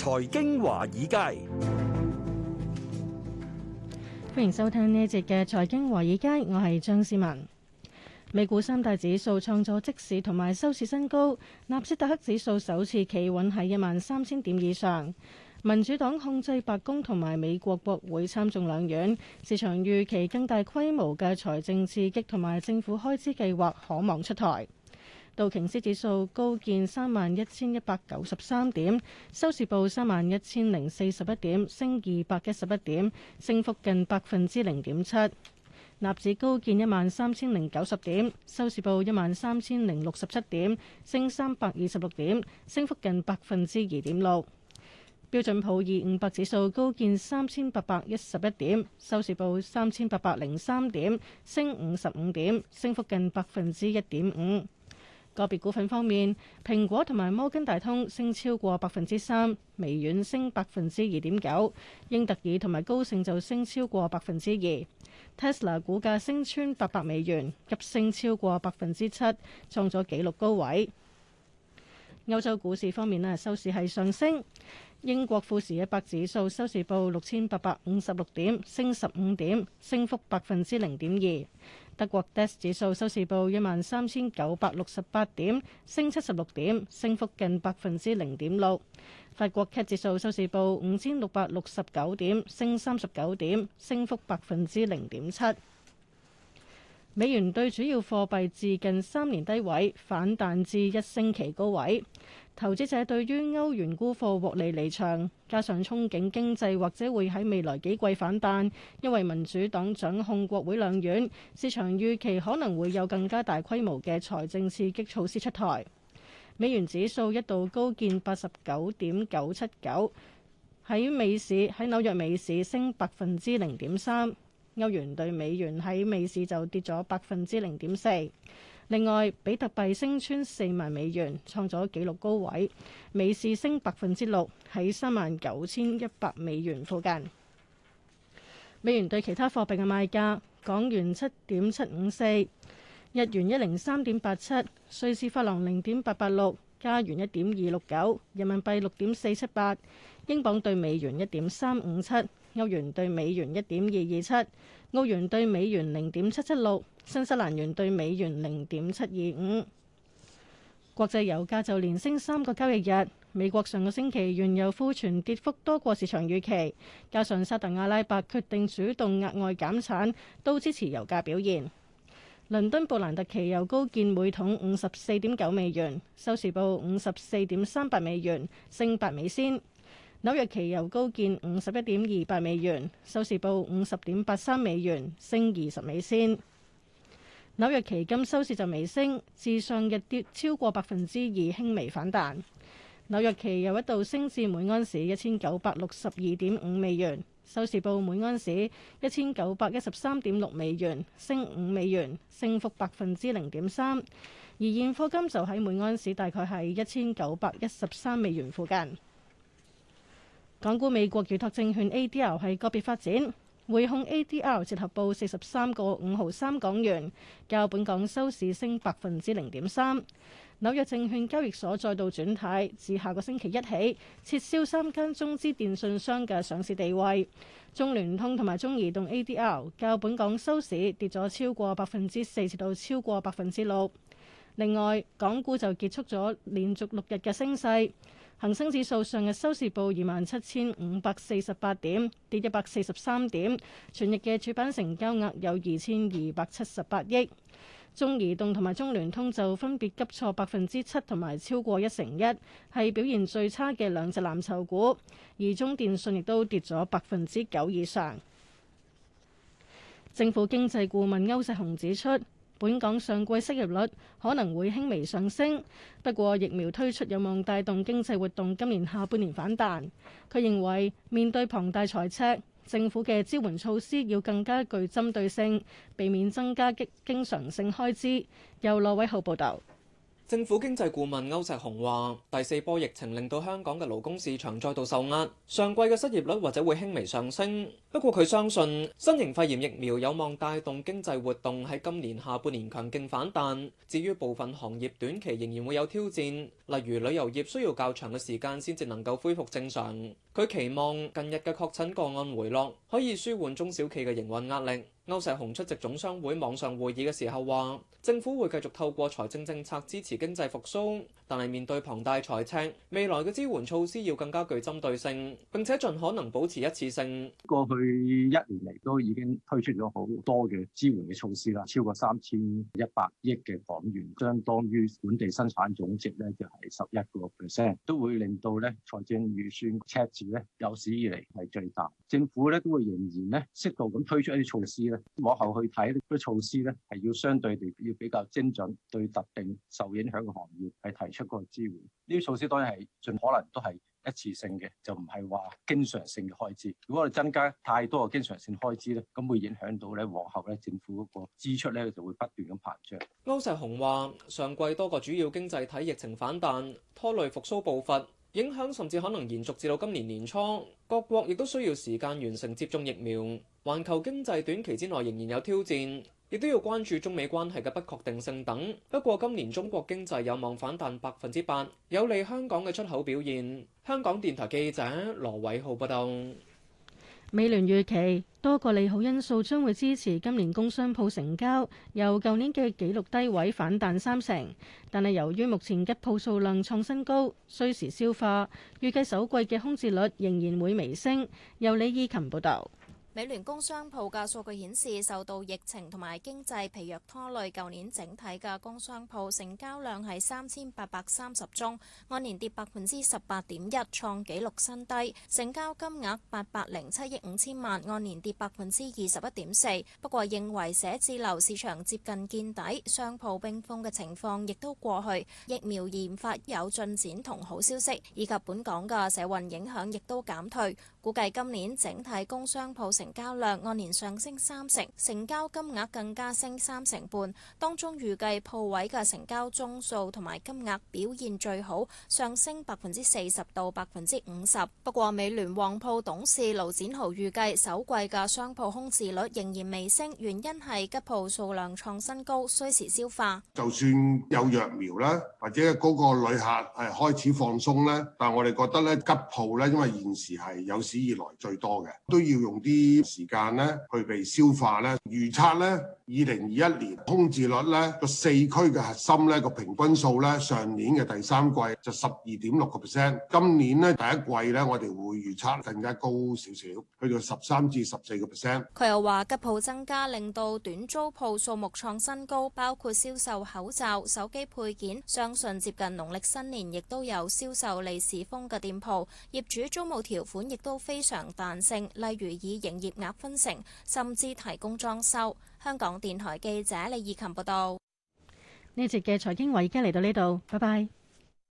財經華爾街，歡迎收聽呢一節嘅財經華爾街，我係張思文。美股三大指數創咗即時同埋收市新高，納斯達克指數首次企穩喺一萬三千點以上。民主黨控制白宮同埋美國國會參眾兩院，市場預期更大規模嘅財政刺激同埋政府開支計劃可望出台。道瓊斯指數高見三萬一千一百九十三點，收市報三萬一千零四十一點，升二百一十一點，升幅近百分之零點七。納指高見一萬三千零九十點，收市報一萬三千零六十七點，升三百二十六點，升幅近百分之二點六。標準普爾五百指數高見三千八百一十一點，收市報三千八百零三點，升五十五點，升幅近百分之一點五。個別股份方面，蘋果同埋摩根大通升超過百分之三，微軟升百分之二點九，英特爾同埋高盛就升超過百分之二，Tesla 股價升穿八百美元，急升超過百分之七，創咗紀錄高位。歐洲股市方面咧收市係上升。英國富時一百指數收市報六千八百五十六點，升十五點，升幅百分之零點二。德國 DAX 指數收市報一萬三千九百六十八點，升七十六點，升幅近百分之零點六。法國 CAC 指數收市報五千六百六十九點，升三十九點，升幅百分之零點七。美元兌主要貨幣自近三年低位反彈至一星期高位。投資者對於歐元沽貨獲利離場，加上憧憬經濟或者會喺未來幾季反彈，因為民主黨掌控國會兩院，市場預期可能會有更加大規模嘅財政刺激措施出台。美元指數一度高見八十九點九七九，喺美市喺紐約美市升百分之零點三。歐元對美元喺美市就跌咗百分之零點四。另外，比特幣升穿四萬美元，創咗紀錄高位。美市升百分之六，喺三萬九千一百美元附近。美元對其他貨幣嘅賣價：港元七點七五四，日元一零三點八七，瑞士法郎零點八八六，加元一點二六九，人民幣六點四七八。英鎊兌美元一點三五七，歐元兌美元一點二二七，澳元兌美元零點七七六，新西蘭元兌美元零點七二五。國際油價就連升三個交易日。美國上個星期原油庫存跌幅多過市場預期，加上沙特阿拉伯決定主動額外減產，都支持油價表現。倫敦布蘭特期油高見每桶五十四點九美元，收市報五十四點三八美元，升八美仙。紐約期油高見五十一點二八美元，收市報五十點八三美元，升二十美仙。紐約期金收市就微升，至上日跌超過百分之二，輕微反彈。紐約期油一度升至每安士一千九百六十二點五美元，收市報每安士一千九百一十三點六美元，升五美元，升幅百分之零點三。而現貨金就喺每安士大概係一千九百一十三美元附近。港股美國預託證券 ADR 係個別發展，匯控 ADR 折合報四十三個五毫三港元，較本港收市升百分之零點三。紐約證券交易所再度轉軚，自下個星期一起撤銷三間中資電信商嘅上市地位，中聯通同埋中移動 ADR 較本港收市跌咗超過百分之四至到超過百分之六。另外，港股就結束咗連續六日嘅升勢。恒生指數上日收市報二萬七千五百四十八點，跌一百四十三點。全日嘅主板成交額有二千二百七十八億。中移動同埋中聯通就分別急挫百分之七同埋超過一成一，係表現最差嘅兩隻藍籌股。而中電信亦都跌咗百分之九以上。政府經濟顧問歐錫熊指出，本港上季失業率可能會輕微上升，不過疫苗推出有望帶動經濟活動，今年下半年反彈。佢認為面對龐大財赤，政府嘅支援措施要更加具針對性，避免增加經經常性開支。由羅偉浩報導。政府經濟顧問歐錫熊話：第四波疫情令到香港嘅勞工市場再度受壓，上季嘅失業率或者會輕微上升。不過佢相信新型肺炎疫苗有望帶動經濟活動喺今年下半年強勁反彈。至於部分行業短期仍然會有挑戰，例如旅遊業需要較長嘅時間先至能夠恢復正常。佢期望近日嘅確診個案回落，可以舒緩中小企嘅營運壓力。歐石雄出席總商會網上會議嘅時候話，政府會繼續透過財政政策支持經濟復蘇，但係面對龐大財赤，未來嘅支援措施要更加具針對性，並且盡可能保持一次性。過去一年嚟都已經推出咗好多嘅支援嘅措施啦，超過三千一百億嘅港元，相當於本地生產總值咧，就係十一個 percent，都會令到咧財政預算赤字咧有史以嚟係最大。政府咧都會仍然咧適度咁推出一啲措施咧。往後去睇，呢啲措施咧，係要相對地要比較精準，對特定受影響嘅行業，係提出個支援。呢啲措施當然係盡可能都係一次性嘅，就唔係話經常性嘅開支。如果我哋增加太多嘅經常性開支咧，咁會影響到咧，往後咧政府嗰個支出咧就會不斷咁膨脹。歐世雄話上季多個主要經濟體疫情反彈拖累復蘇步伐。影響甚至可能延續至到今年年初，各國亦都需要時間完成接種疫苗。環球經濟短期之內仍然有挑戰，亦都要關注中美關係嘅不確定性等。不過今年中國經濟有望反彈百分之八，有利香港嘅出口表現。香港電台記者羅偉浩報道。美聯預期多個利好因素將會支持今年工商鋪成交，由舊年嘅紀錄低位反彈三成。但係由於目前吉鋪數量創新高，需時消化，預計首季嘅空置率仍然會微升。由李義琴報道。美聯工商鋪嘅數據顯示，受到疫情同埋經濟疲弱拖累，舊年整體嘅工商鋪成交量係三千八百三十宗，按年跌百分之十八點一，創紀錄新低；成交金額八百零七億五千萬，按年跌百分之二十一點四。不過認為寫字樓市場接近見底，商鋪冰封嘅情況亦都過去，疫苗研發有進展同好消息，以及本港嘅社運影響亦都減退。估計今年整體工商鋪。成交量按年上升三成，成交金額更加升三成半。當中預計鋪位嘅成交宗數同埋金額表現最好，上升百分之四十到百分之五十。不過美聯旺鋪董事盧展豪預計首季嘅商鋪空置率仍然未升，原因係吉鋪數量創新高，需時消化。就算有疫苗啦，或者嗰個旅客係開始放鬆啦，但係我哋覺得咧吉鋪咧，因為現時係有史以來最多嘅，都要用啲。時間咧去被消化咧，預測咧二零二一年空置率咧，個四區嘅核心咧，個平均數咧，上年嘅第三季就十二點六個 percent，今年咧第一季咧我哋會預測更加高少少，去到十三至十四個 percent。佢又話吉鋪增加令到短租鋪數目創新高，包括銷售口罩、手機配件，相信接近農曆新年亦都有銷售利是風嘅店鋪，業主租務條款亦都非常彈性，例如以形營業額分成，甚至提供裝修。香港電台記者李義勤報道。呢一節嘅財經話已經嚟到呢度，拜拜。